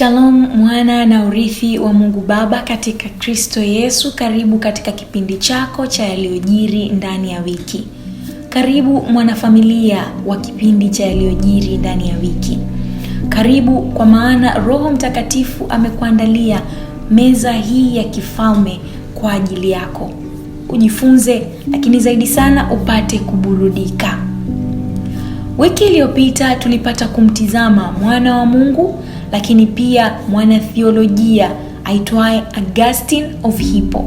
Shalom mwana na urithi wa Mungu Baba katika Kristo Yesu. Karibu katika kipindi chako cha yaliyojiri ndani ya wiki. Karibu mwanafamilia wa kipindi cha yaliyojiri ndani ya wiki. Karibu kwa maana Roho Mtakatifu amekuandalia meza hii ya kifalme kwa ajili yako. Ujifunze, lakini zaidi sana upate kuburudika. Wiki iliyopita tulipata kumtizama mwana wa Mungu lakini pia mwanathiolojia aitwaye Augustine of Hippo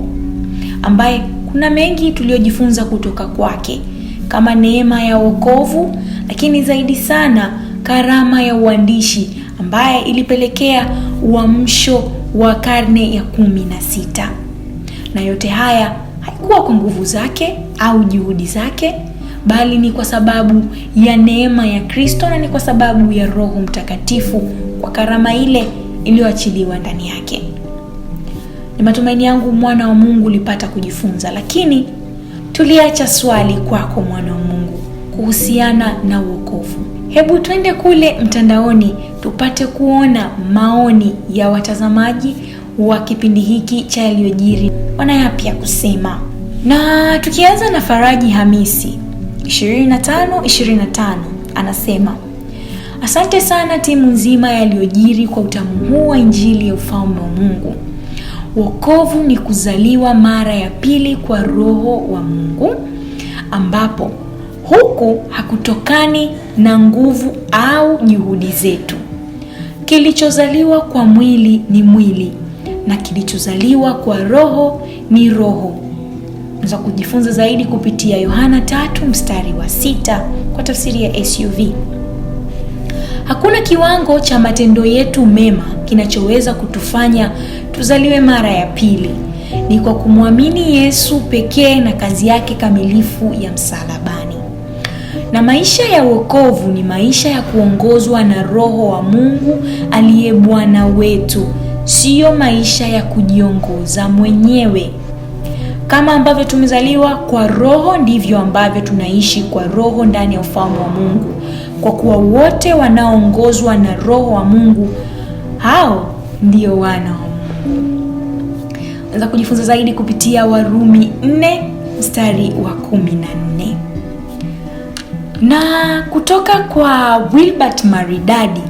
ambaye kuna mengi tuliyojifunza kutoka kwake kama neema ya wokovu, lakini zaidi sana karama ya uandishi ambaye ilipelekea uamsho wa karne ya kumi na sita. Na yote haya haikuwa kwa nguvu zake au juhudi zake, bali ni kwa sababu ya neema ya Kristo na ni kwa sababu ya Roho Mtakatifu karama ile iliyoachiliwa ndani yake. Ni matumaini yangu mwana wa Mungu ulipata kujifunza, lakini tuliacha swali kwako mwana wa Mungu kuhusiana na uokovu. Hebu twende kule mtandaoni tupate kuona maoni ya watazamaji wa kipindi hiki cha Yaliyojiri wana yapi kusema, na tukianza na Faraji Hamisi 2525 25, anasema Asante sana timu nzima yaliyojiri kwa utamu huu wa injili ya ufalme wa Mungu. Wokovu ni kuzaliwa mara ya pili kwa Roho wa Mungu, ambapo huku hakutokani na nguvu au juhudi zetu. Kilichozaliwa kwa mwili ni mwili na kilichozaliwa kwa roho ni roho. Unaweza kujifunza zaidi kupitia Yohana 3 mstari wa 6 kwa tafsiri ya SUV. Hakuna kiwango cha matendo yetu mema kinachoweza kutufanya tuzaliwe mara ya pili. Ni kwa kumwamini Yesu pekee na kazi yake kamilifu ya msalabani. Na maisha ya wokovu ni maisha ya kuongozwa na Roho wa Mungu aliye Bwana wetu, siyo maisha ya kujiongoza mwenyewe. Kama ambavyo tumezaliwa kwa Roho, ndivyo ambavyo tunaishi kwa Roho ndani ya ufalme wa Mungu kwa kuwa wote wanaoongozwa na Roho wa Mungu hao ndio wana wa Mungu. Unaweza kujifunza zaidi kupitia Warumi 4 mstari wa 14. Na kutoka kwa Wilbert Maridadi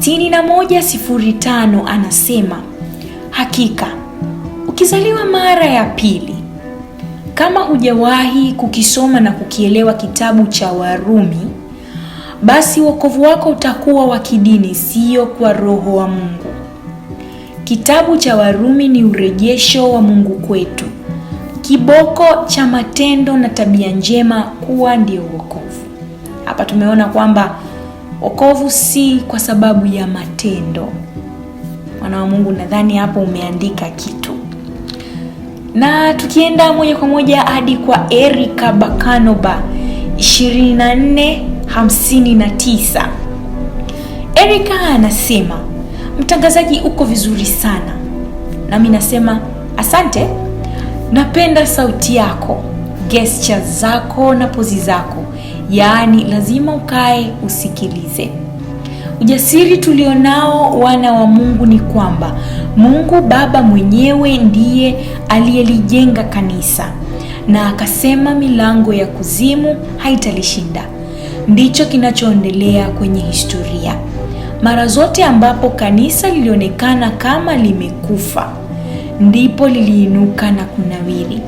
6105 anasema, hakika ukizaliwa mara ya pili kama hujawahi kukisoma na kukielewa kitabu cha Warumi basi wokovu wako utakuwa wa kidini, sio kwa roho wa Mungu. Kitabu cha Warumi ni urejesho wa Mungu kwetu, kiboko cha matendo na tabia njema kuwa ndio wokovu. Hapa tumeona kwamba wokovu si kwa sababu ya matendo. Mwana wa Mungu, nadhani hapo umeandika kitu. Na tukienda moja kwa moja hadi kwa Erika Bakanoba 24 59. Erika anasema mtangazaji, uko vizuri sana, nami nasema asante. Napenda sauti yako, gesture zako na pozi zako, yaani lazima ukae usikilize. Ujasiri tulionao wana wa Mungu ni kwamba Mungu Baba mwenyewe ndiye aliyelijenga kanisa na akasema milango ya kuzimu haitalishinda ndicho kinachoendelea kwenye historia. Mara zote ambapo kanisa lilionekana kama limekufa, ndipo liliinuka na kunawiri.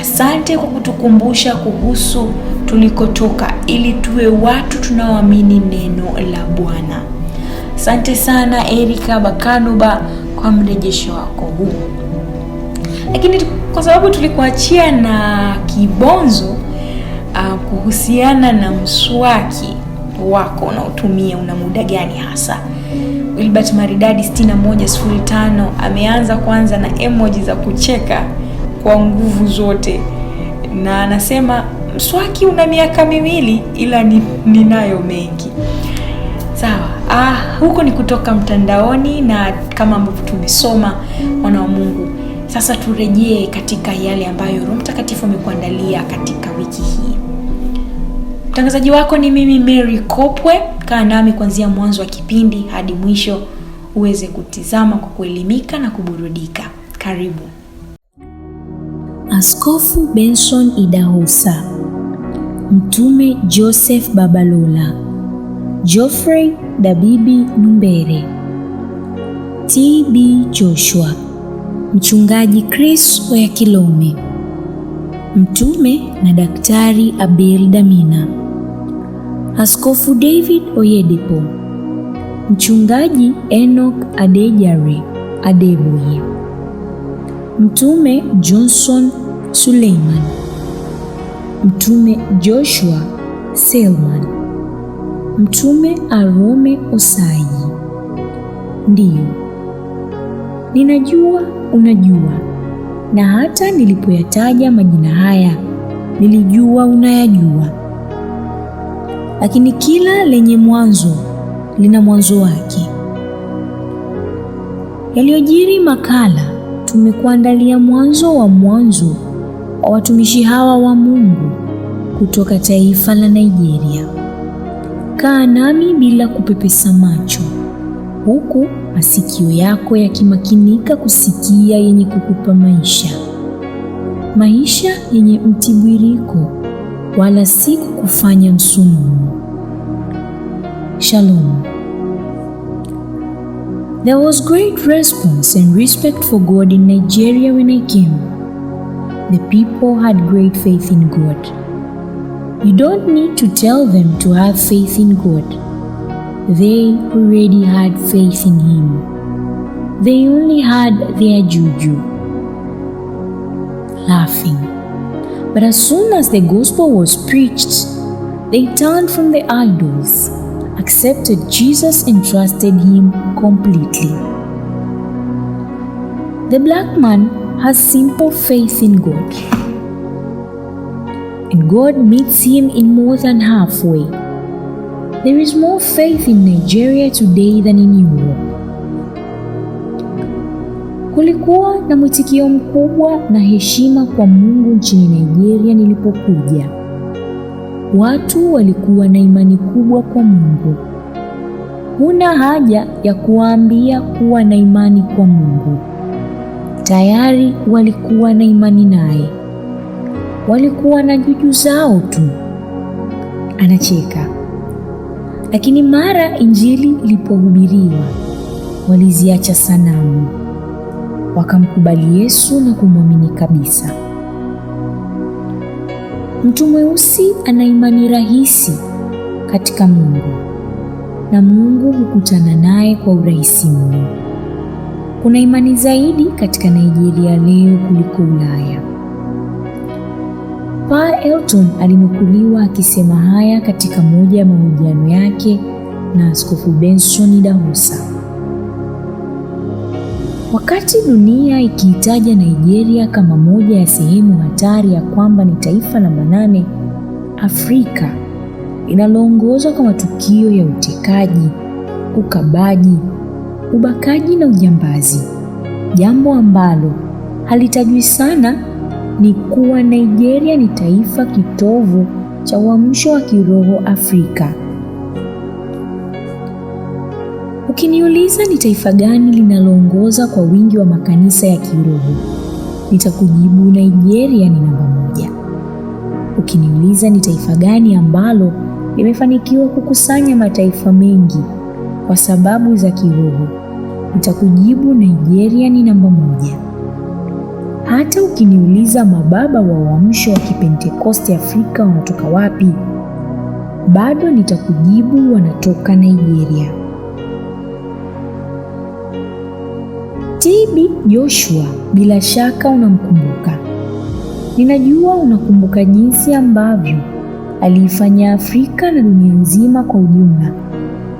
Asante kwa kutukumbusha kuhusu tulikotoka ili tuwe watu tunaoamini neno la Bwana. Asante sana Erika Bakanuba kwa mrejesho wako huu, lakini kwa sababu tulikuachia na kibonzo uh, kuhusiana na mswaki wako unaotumia una muda gani hasa. Wilbert Maridadi 6105 ameanza kwanza na emoji za kucheka kwa nguvu zote, na anasema mswaki una miaka miwili ila ninayo ni mengi. Sawa. Ah, huko ni kutoka mtandaoni na kama ambavyo tumesoma, mwana wa Mungu. Sasa turejee katika yale ambayo Roho Mtakatifu amekuandalia katika wiki hii. Mtangazaji wako ni mimi Mary Kopwe. Kaa nami kuanzia mwanzo wa kipindi hadi mwisho uweze kutizama kwa kuelimika na kuburudika. Karibu. Askofu Benson Idahosa, Mtume Joseph Babalola, Geoffrey Dabibi Numbere, TB Joshua, Mchungaji Chris Oyakilome, Mtume na Daktari Abel Damina. Askofu David Oyedepo, Mchungaji Enoch Adejare Adebuye, Mtume Johnson Suleiman, Mtume Joshua Selman, Mtume Arome Osayi. Ndiyo, ninajua unajua, na hata nilipoyataja majina haya nilijua unayajua lakini kila lenye mwanzo lina mwanzo wake. Yaliyojiri makala tumekuandalia mwanzo wa mwanzo wa watumishi hawa wa Mungu kutoka taifa la Nigeria. Kaa nami bila kupepesa macho, huku masikio yako yakimakinika kusikia yenye kukupa maisha, maisha yenye mtibiriko wala si kukufanya msumunu. Shalom. There was great response and respect for God in Nigeria when I came. The people had great faith in God. You don't need to tell them to have faith in God they already had faith in him. They only had their juju. Laughing. But as soon as the gospel was preached, they turned from the idols, accepted Jesus, and trusted him completely. The black man has simple faith in God, and God meets him in more than halfway. There is more faith in Nigeria today than in Europe. Kulikuwa na mwitikio mkubwa na heshima kwa Mungu nchini Nigeria nilipokuja. Watu walikuwa na imani kubwa kwa Mungu. Huna haja ya kuwaambia kuwa na imani kwa Mungu. Tayari walikuwa na imani naye. Walikuwa na juju zao tu. Anacheka. Lakini mara Injili ilipohubiriwa, waliziacha sanamu wakamkubali Yesu na kumwamini kabisa. Mtu mweusi ana imani rahisi katika Mungu na Mungu hukutana naye kwa urahisi mno. Kuna imani zaidi katika Nigeria leo kuliko Ulaya. Pa Elton alinukuliwa akisema haya katika moja ya mahojiano yake na Askofu Benson Dahosa. Wakati dunia ikiitaja Nigeria kama moja ya sehemu hatari ya kwamba ni taifa la manane Afrika linaloongozwa kwa matukio ya utekaji, ukabaji, ubakaji na ujambazi, jambo ambalo halitajwi sana ni kuwa Nigeria ni taifa kitovu cha uamsho wa kiroho Afrika. Ukiniuliza ni taifa gani linaloongoza kwa wingi wa makanisa ya kiroho, nitakujibu Nigeria ni namba moja. Ukiniuliza ni taifa gani ambalo limefanikiwa kukusanya mataifa mengi kwa sababu za kiroho, nitakujibu Nigeria ni namba moja. Hata ukiniuliza mababa wa uamsho wa kipentekoste Afrika wanatoka wapi, bado nitakujibu wanatoka Nigeria. TB Joshua, bila shaka unamkumbuka. Ninajua unakumbuka jinsi ambavyo aliifanya Afrika na dunia nzima kwa ujumla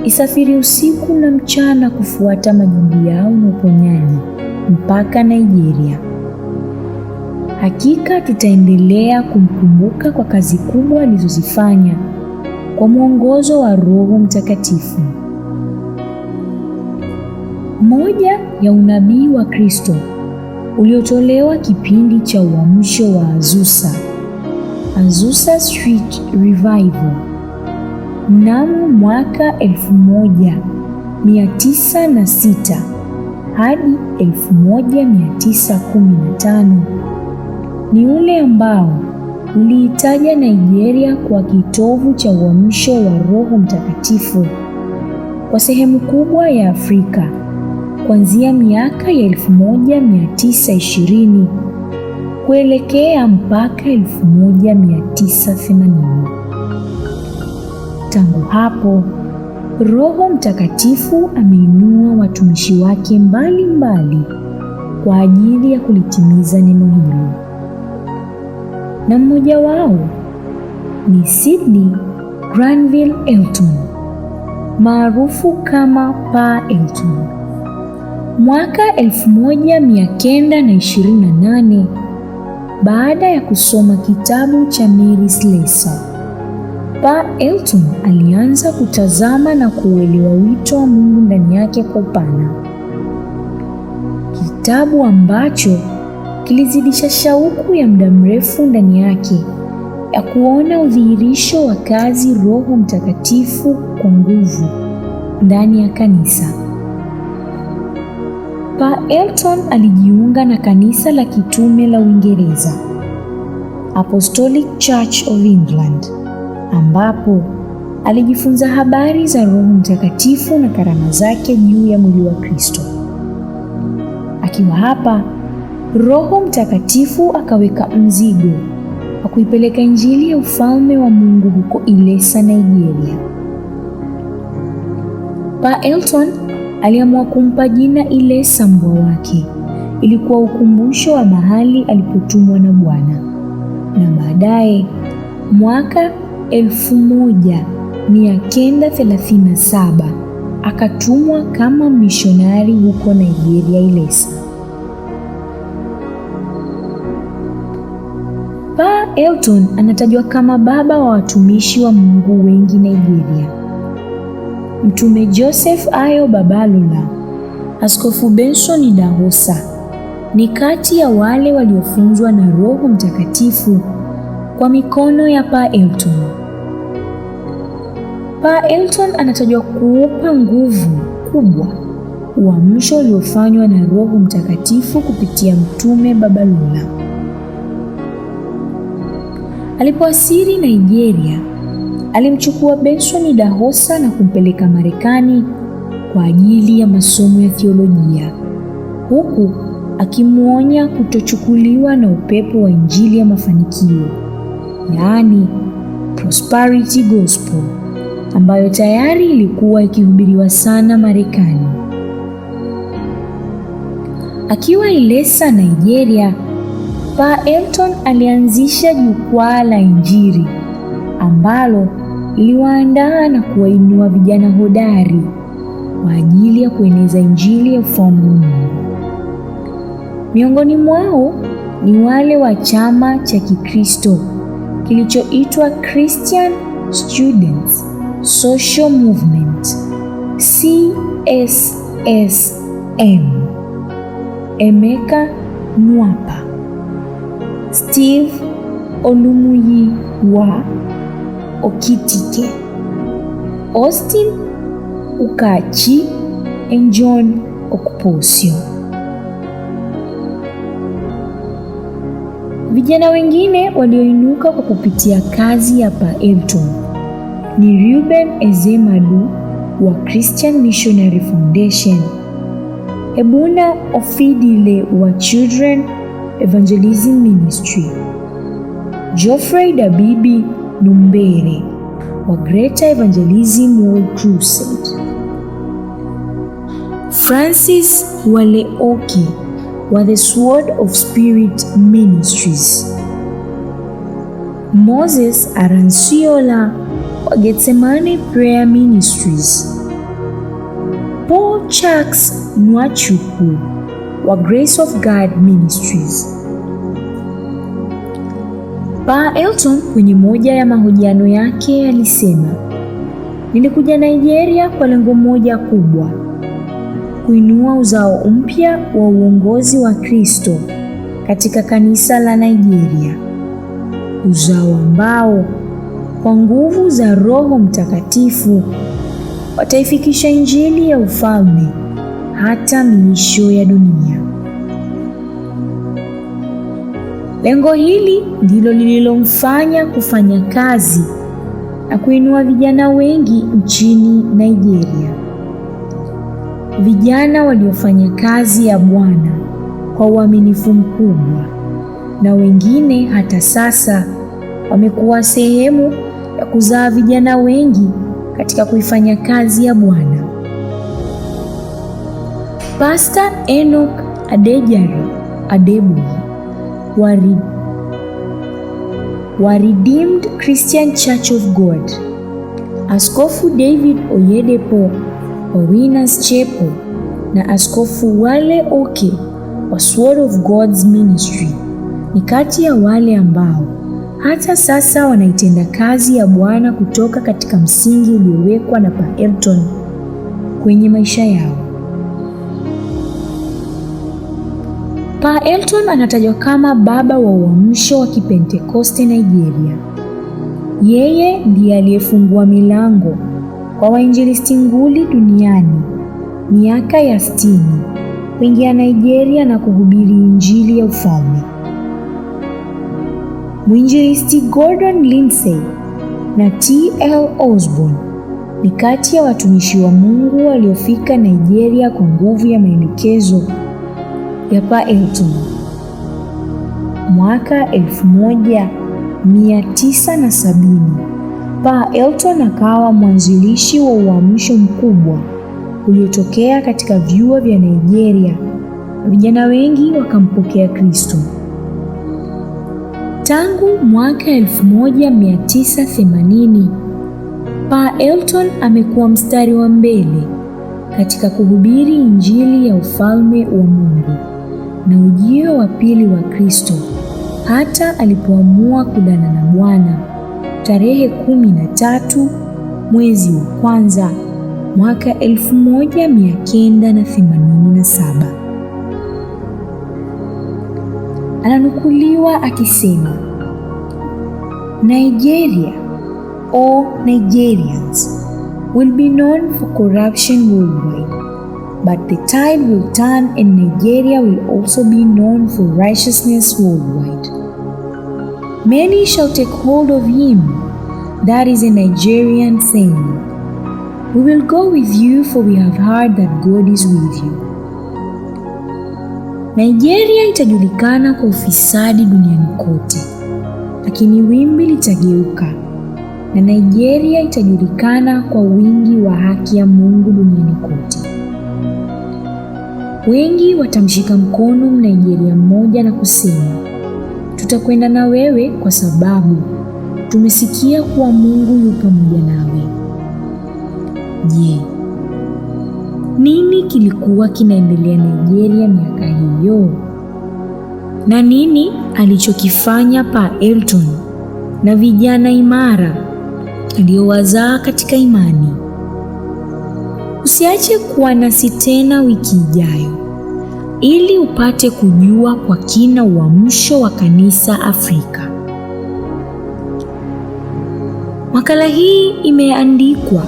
isafiri usiku na mchana kufuata majibu yao na uponyaji mpaka Nigeria. Hakika tutaendelea kumkumbuka kwa kazi kubwa alizozifanya kwa mwongozo wa Roho Mtakatifu. Moja ya unabii wa Kristo uliotolewa kipindi cha uamsho wa Azusa, Azusa Street Revival mnamo mwaka 1906 hadi 1915 ni ule ambao uliitaja Nigeria kwa kitovu cha uamsho wa Roho Mtakatifu kwa sehemu kubwa ya Afrika kuanzia miaka ya 1920 kuelekea mpaka 1980. Tangu hapo Roho Mtakatifu ameinua watumishi wake mbalimbali mbali kwa ajili ya kulitimiza neno hilo, na mmoja wao ni sydney Granville Elton maarufu kama Pa Elton. Mwaka 1928 baada ya kusoma kitabu cha Mary Slessor, Pa Elton alianza kutazama na kuuelewa wito wa Mungu ndani yake kwa upana, kitabu ambacho kilizidisha shauku ya muda mrefu ndani yake ya kuona udhihirisho wa kazi Roho Mtakatifu kwa nguvu ndani ya kanisa hapa Elton alijiunga na kanisa la kitume la Uingereza, Apostolic Church of England, ambapo alijifunza habari za Roho Mtakatifu na karama zake juu ya mwili wa Kristo. Akiwa hapa, Roho Mtakatifu akaweka mzigo wa kuipeleka Injili ya ufalme wa Mungu huko Ilesa, Nigeria. Pa Elton aliamua kumpa jina Ilesa mbwa wake. Ilikuwa ukumbusho wa mahali alipotumwa na Bwana. Na baadaye mwaka 1937 akatumwa kama mishonari huko Nigeria Ilesa. Pa Elton anatajwa kama baba wa watumishi wa Mungu wengi Nigeria. Mtume Joseph Ayo Babalula, Askofu Benson Dahosa ni kati ya wale waliofunzwa na Roho Mtakatifu kwa mikono ya Pa Elton. Pa Elton anatajwa kuupa nguvu kubwa uamsho uliofanywa na Roho Mtakatifu kupitia Mtume Babalula. Alipowasili Nigeria alimchukua Benson Dahosa na kumpeleka Marekani kwa ajili ya masomo ya theolojia, huku akimwonya kutochukuliwa na upepo wa injili ya mafanikio, yaani prosperity gospel, ambayo tayari ilikuwa ikihubiriwa sana Marekani. Akiwa Ilesa, Nigeria, Pa Elton alianzisha jukwaa la injili ambalo liwaandaa na kuwainua vijana hodari kwa ajili ya kueneza Injili ya ufalme wa Mungu. Miongoni mwao ni wale wa chama cha Kikristo kilichoitwa Christian Students Social Movement CSSM, Emeka Nwapa, Steve Olumuyiwa Okitike, Austin Ukachi and John Vijana wengine walioinuka kwa kupitia kazi ya Paelton ni Ruben Ezemadu wa Christian Missionary Foundation, Ebuna Ofidile wa Children Evangelism Ministry, Geoffrey Dabibi Dumbere wa Greater Evangelism World Crusade, Francis Waleoki wa The Sword of Spirit Ministries, Moses Aranciola wa getsemani Prayer Ministries, Paul Chucks Nwachuku wa Grace of God Ministries Papa Elton kwenye moja ya mahojiano yake alisema, nilikuja Nigeria kwa lengo moja kubwa, kuinua uzao mpya wa uongozi wa Kristo katika kanisa la Nigeria, uzao ambao kwa nguvu za Roho Mtakatifu wataifikisha injili ya ufalme hata miisho ya dunia. Lengo hili ndilo lililomfanya kufanya kazi na kuinua vijana wengi nchini Nigeria, vijana waliofanya kazi ya Bwana kwa uaminifu mkubwa, na wengine hata sasa wamekuwa sehemu ya kuzaa vijana wengi katika kuifanya kazi ya Bwana. Pastor Enoch Adejare Adebuyi wa, wa Redeemed Christian Church of God, Askofu David Oyedepo wa Winners Chapel na Askofu Wale Oke wa Sword of God's Ministry ni kati ya wale ambao hata sasa wanaitenda kazi ya Bwana kutoka katika msingi uliowekwa na Pa Elton kwenye maisha yao. Pa Elton anatajwa kama baba wa uamsho wa Kipentekoste Nigeria. Yeye ndiye aliyefungua milango kwa wainjilisti nguli duniani miaka ya sitini kuingia Nigeria na kuhubiri injili ya ufalme. Mwinjilisti Gordon Lindsay na T.L. Osborne ni kati ya watumishi wa Mungu waliofika Nigeria kwa nguvu ya maelekezo ya Elton mwaka 1970. elton akawa mwanzilishi wa uamsho mkubwa uliotokea katika vyuo vya Nigeria. Vijana wengi wakampokea Kristo. Tangu mwaka 1980 elton amekuwa mstari wa mbele katika kuhubiri Injili ya ufalme wa Mungu na ujio wa pili wa Kristo, hata alipoamua kudana na Bwana tarehe kumi na tatu mwezi wa kwanza mwaka 1987 ananukuliwa akisema, Nigeria or Nigerians will be known for corruption worldwide but the tide will turn and Nigeria will also be known for righteousness worldwide. Many shall take hold of him. That is a Nigerian saying. We will go with you, for we have heard that God is with you. Nigeria itajulikana kwa ufisadi duniani kote, lakini wimbi litageuka na Nigeria itajulikana kwa wingi wa haki ya Mungu duniani kote. Wengi watamshika mkono Mnaijeria mmoja na kusema, tutakwenda na wewe kwa sababu tumesikia kuwa Mungu yu pamoja nawe. Je, nini kilikuwa kinaendelea Nigeria miaka hiyo? Na nini alichokifanya Pa Elton na vijana imara aliyowazaa katika imani? Usiache kuwa nasi tena wiki ijayo ili upate kujua kwa kina uamsho wa kanisa Afrika. Makala hii imeandikwa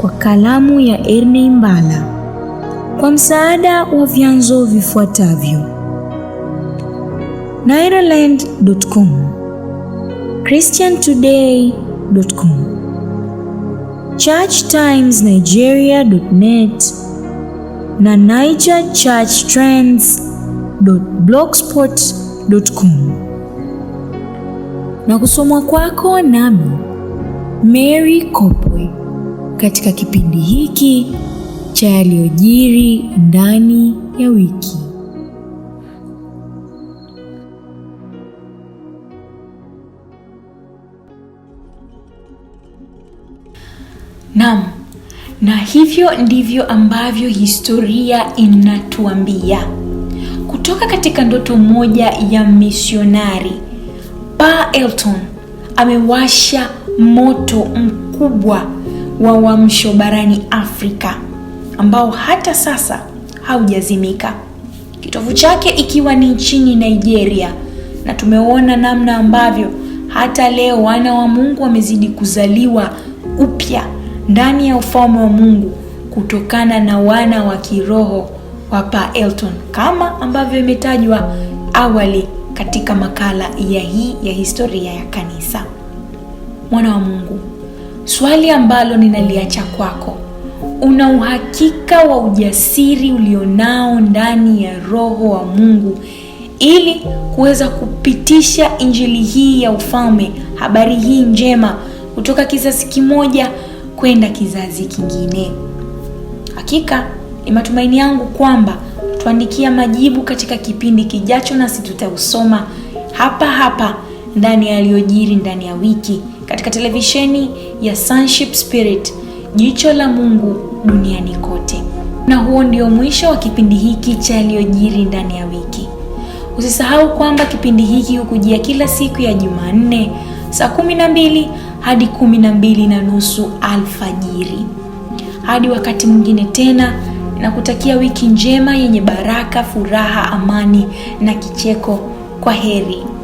kwa kalamu ya Erne Mbala kwa msaada wa vyanzo vifuatavyo: nairaland.com, christiantoday.com, churchtimesnigeria.net na nigerchurchtrends.blogspot.com na kusomwa kwako nami Mary Kopwe katika kipindi hiki cha yaliyojiri ndani ya wiki. Naam. Na hivyo ndivyo ambavyo historia inatuambia kutoka katika ndoto moja ya misionari. Pa Elton amewasha moto mkubwa wa uamsho barani Afrika ambao hata sasa haujazimika, kitovu chake ikiwa ni nchini Nigeria, na tumeona namna ambavyo hata leo wana wa Mungu wamezidi kuzaliwa upya ndani ya ufalme wa Mungu kutokana na wana wa kiroho wa elton kama ambavyo imetajwa awali katika makala ya hii ya historia ya kanisa. Mwana wa Mungu, swali ambalo ninaliacha kwako, una uhakika wa ujasiri ulionao ndani ya roho wa Mungu ili kuweza kupitisha injili hii ya ufalme, habari hii njema kutoka kizazi kimoja kwenda kizazi kingine. Hakika ni matumaini yangu kwamba tuandikia majibu katika kipindi kijacho, nasi tutausoma hapa hapa ndani ya Yaliyojiri Ndani ya Wiki katika televisheni ya sunship Spirit, jicho la Mungu duniani kote. Na huo ndio mwisho wa kipindi hiki cha Yaliyojiri Ndani ya Wiki. Usisahau kwamba kipindi hiki hukujia kila siku ya Jumanne saa kumi na mbili hadi kumi na mbili na nusu alfajiri. Hadi wakati mwingine tena, na kutakia wiki njema yenye baraka, furaha, amani na kicheko. Kwa heri.